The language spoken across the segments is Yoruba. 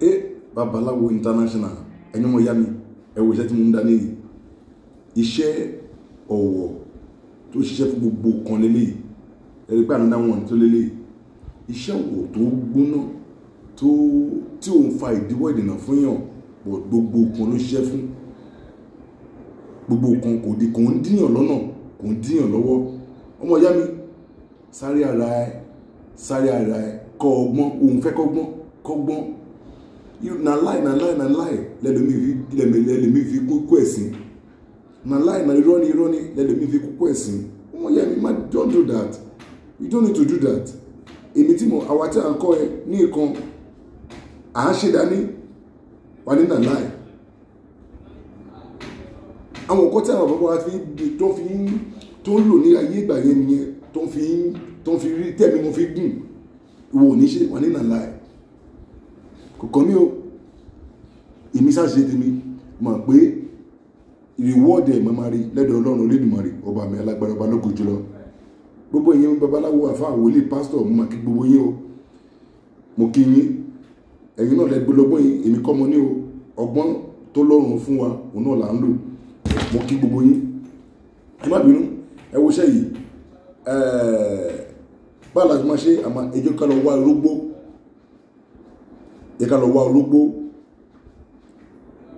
e babaláwo international ẹni wọn yá mi ẹ wo iṣẹ́ tí mo ń dání yìí iṣẹ́ ọ̀wọ̀ tó ṣiṣẹ́ fún gbogbo kan lélẹ̀ ẹ̀rí pé ànádá wọn tó lélẹ̀ iṣẹ́ ọ̀wọ̀ tó gbóná tó tí òun fa ìdíwọ́ ìdènà fún yàn pọ̀ gbogbo kan ló ṣiṣẹ́ fún gbogbo kan kò di kò ń díyàn lọ́nà kò ń díyàn lọ́wọ́ ọmọ ìyá sáré ara ẹ sáré ara ẹ kọ́ ọgbọ́n òun fẹ́ kọ́gbọ́n kọ́gbọ́n na lie na lie na lie lẹ́lòmí fi lẹ́lòmí fi kókó ẹ̀sìn na lie na irọ́ ni irọ́ ni lẹ́lòmí fi kókó ẹ̀sìn wọ́n yẹ mi má don't do that you don't need to do that èmi tí mo àwa tí à ń kọ́ ẹ ní nǹkan à ń ṣe dání wà ní na lie àwọn nǹkan tí àwọn bàbá wa fi tó fi tó ń lò ní ayé ìgbà yẹn nìyẹn tó fi tó fi rí tẹ́mi mo fi gùn ìwọ ò ní ṣe wà ní na lie kò kàn mí o èmi ṣàṣe tèmi mọ̀ pé reward ẹ̀ máa rí lẹ́dọ̀ ọlọ́run Olódùmarè ọba mi alágbára ọba lógo jùlọ gbogbo ìyẹn babaláwo àfáà wòlíì pásítọ̀ mo máa kí gbogbo yín o mo kí yín ẹ̀yin náà lẹ́gbẹ́ lọ́gbọ́n yín èmi kọ́ mo ní o ọgbọ́n tó lọ́rùn fún wa òun náà là ń lò mo kí gbogbo yín ẹ má bínú ẹ wo iṣẹ́ yìí báàlà ti máa ṣe àmọ́ ẹjọ́ ká wá rúgbó yẹ ká lọ wá ológbó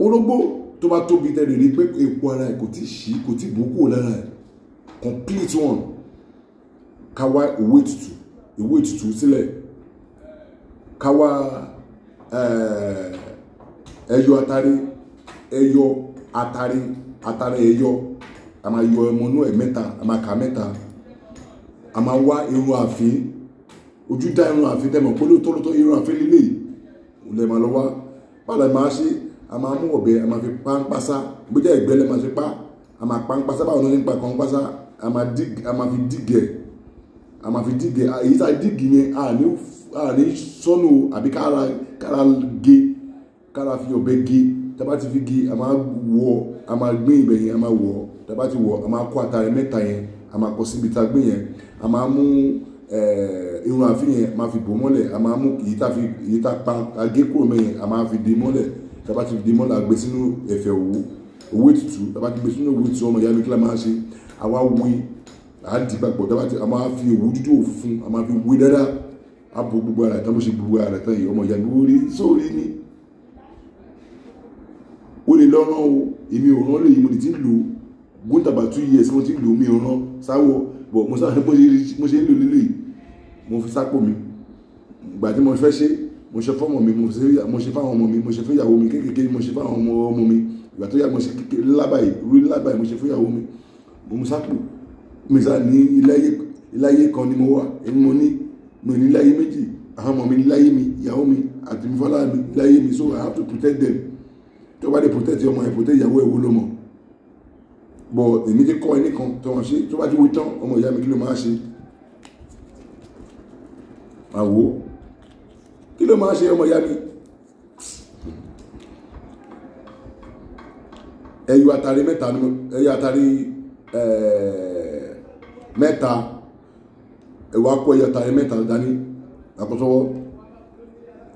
ológbó tó bá tóbi tẹ́lẹ̀ rí pé epo ara ẹ̀ kò ti ṣí kò ti bù kúrò lára ẹ̀ complete one ká wá ìwé ètùtù ìwé ètùtù sílẹ̀ ká wá eh, ẹyọ atari ẹyọ atari atari ẹyọ a máa yọ ẹmọ inú ẹ mẹ́ta a máa kà mẹ́ta a máa wá irun àfin ojú dá irun àfin tẹmọ pé lóòótọ́ lóòótọ́ irun àfin lílé lè máa lọ wá báwo máa ṣe a máa mú ọ̀bẹ a máa fi páńpásá pasa jẹ́ ìgbẹ́ lè máa fi pa a máa páńpásá báwo náà nípa kọ́ńpásá a máa fi dìgẹ̀ a máa fi dìgẹ̀ èyí tá a dìgì yẹn a ní sọ́nù àbí kára ge kára fi ọ̀bẹ ge tába ti fi gi a máa wọ a máa gbé ibẹ̀ yẹn a máa wọ tába ti wọ a máa kó àtàrí mẹ́ta yẹn a máa kọ síbi tá a gbé yẹn a máa mú ẹ̀ẹ́ irun àfin yẹn máa fi bò mọ́lẹ̀ a máa mú èyí tá fi èyí tá pa agé kúrò mẹ́yìn a máa fi dè mọ́lẹ̀ tábà ti dè mọ́lẹ̀ àgbẹ̀ sínú ẹ̀fẹ̀ òwú owó ètùtù tábà ti gbé sínú owó ètùtù ọmọ ìyá mi kí la máa ṣe àwa wí à ń di papọ̀ tábà ti a máa fi òwú dúdú òfun a máa fi wí dáadáa a bo gbogbo ara tán bó ṣe gbogbo ara tán yìí ọmọ ìyá mi wó rí sórí ni ó lè lọ́rán o èmi ò rán lè yìí mo fi sápò mi ìgbà tí mo fẹ́ ṣe mo ṣe fọ́mọ mi mo ṣe fáwọn ọmọ mi mo ṣe fẹ́yàwó mi kékeré mo ṣe fáwọn ọmọ ọmọ mi ìgbà tó yà mo ṣe kékeré lábàáyé rú lábàáyé mo ṣe fẹ́yàwó mi mo mu sápò mi sá ní iláyé kan ni mo wà èmi mo ní mo ní iláyé méjì àwọn ọmọ mi ní iláyé mi ìyàwó mi àti mi fọlá mi iláyé mi so I have to protect them tí wọ́n bá dé protect ọmọ ẹ̀ protect ìyàwó ẹ̀ wó ló mọ̀ bọ̀ èmi ti kọ́ ẹ nìkan tó wọ́n ṣe tó bá ti wí tán ọmọ ìyá mi kí ló máa ṣe àwo kí ló máa ṣe ọmọ ìyá mi ẹyọ àtàrí mẹ́ta ẹyọ àtàrí mẹ́ta ẹwà akọ ẹyọ àtàrí mẹ́ta dání àkọsọwọ́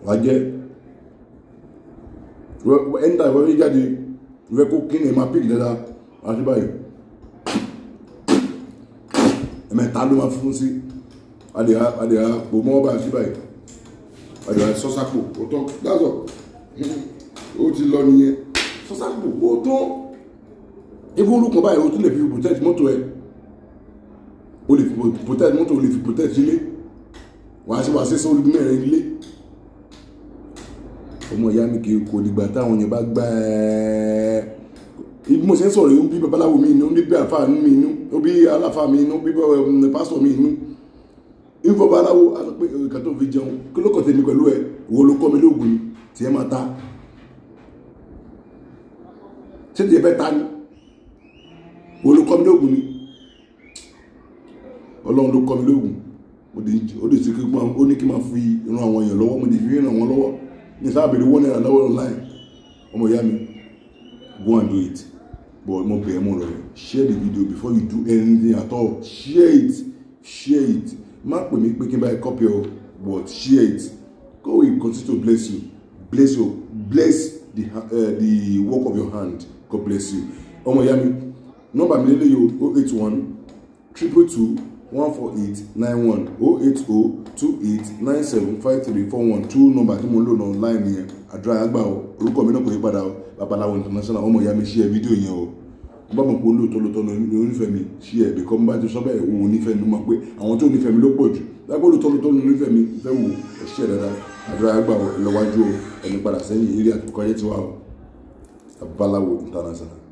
wàá jẹ́ ẹni tàbí wọ́n fi jáde ìwé kó kí ni máa píkì dáadáa wàá sí báyìí ẹ̀mẹ́ta ló máa fún sí àdè àdè àpò mọ́ báyìí sí báyìí àdè àdè sọ́sàpò ó tán dáàzọ̀ hmm. ó ti lọ nìyẹn sọ́sàpò ó tán ewu olùkọ́ báyìí o tún lè fi protect mọ́tò ẹ o lè fi protect mọ́tò o lè fi protect ilé wàá sí wàá sí sórí mẹ́rin ilé ọmọ ìyá mi kì í kò dìgbà táwọn yẹn bá gbá ẹ bí mo ṣe ń sọ̀rọ̀ yìí ó bí babaláwo mi inú ó bí àfáà mi inú ó bí aláfáà mi inú ó bí um, pásítọ̀ mi inú ifọ̀ báláwo àtọ́pẹ́ nǹkan tó fi jẹun kí ló kọ̀ tèmi pẹ̀lú ẹ̀ wo ló kọ́ mi lóògùn tí ẹ máa ta ṣé tiẹ̀ fẹ́ ta ni wo ló kọ́ mi lóògùn ni ọlọ́run ló kọ́ mi lóògùn ó dì sí kí ó ní kí n máa fi ran àwọn èèyàn lọ́wọ́ mo dì fi ràn wọ́n lọ́wọ́ ní sábàbí wọ́n náírà lọ́wọ́ online ọmọ ìyá mi go and do it but mo bẹ̀rẹ̀ mo rẹ̀ share the video before you do anything at all share it share it má pè mí pé kí n bá yẹ copy of, but share it God will continue to bless you bless you bless the, uh, the work of your hand God bless you ọmọ ìyá mi nọ́mbà mi lélẹ́yìí o oh eight one triple two one four eight nine one oh eight oh two eight nine seven five three four one two nọ́mbà tí mo ń lò náà online yẹn àdúrà àgbà o orúkọ mi náà kò yí padà o babaláwo international ọmọ ìyá mi share fídíò yẹn o bá mọ̀ pé olóòótọ́ lóòótọ́ ni onífẹ́ mi ṣí ẹ̀ bìkọ́ bá ti sọ bẹ́ẹ̀ òun onífẹ́ mi mọ̀ pé àwọn tó onífẹ́ mi ló pọ̀ jù lágbó olóòótọ́ lóòótọ́ ni onífẹ́ mi fẹ́ wò ẹ̀ṣẹ́ dada àdúrà gbà wọ ẹlọ́wájú ẹni padà sẹ́yìn eré àtúkọ́yẹ́ tiwa abalawo international.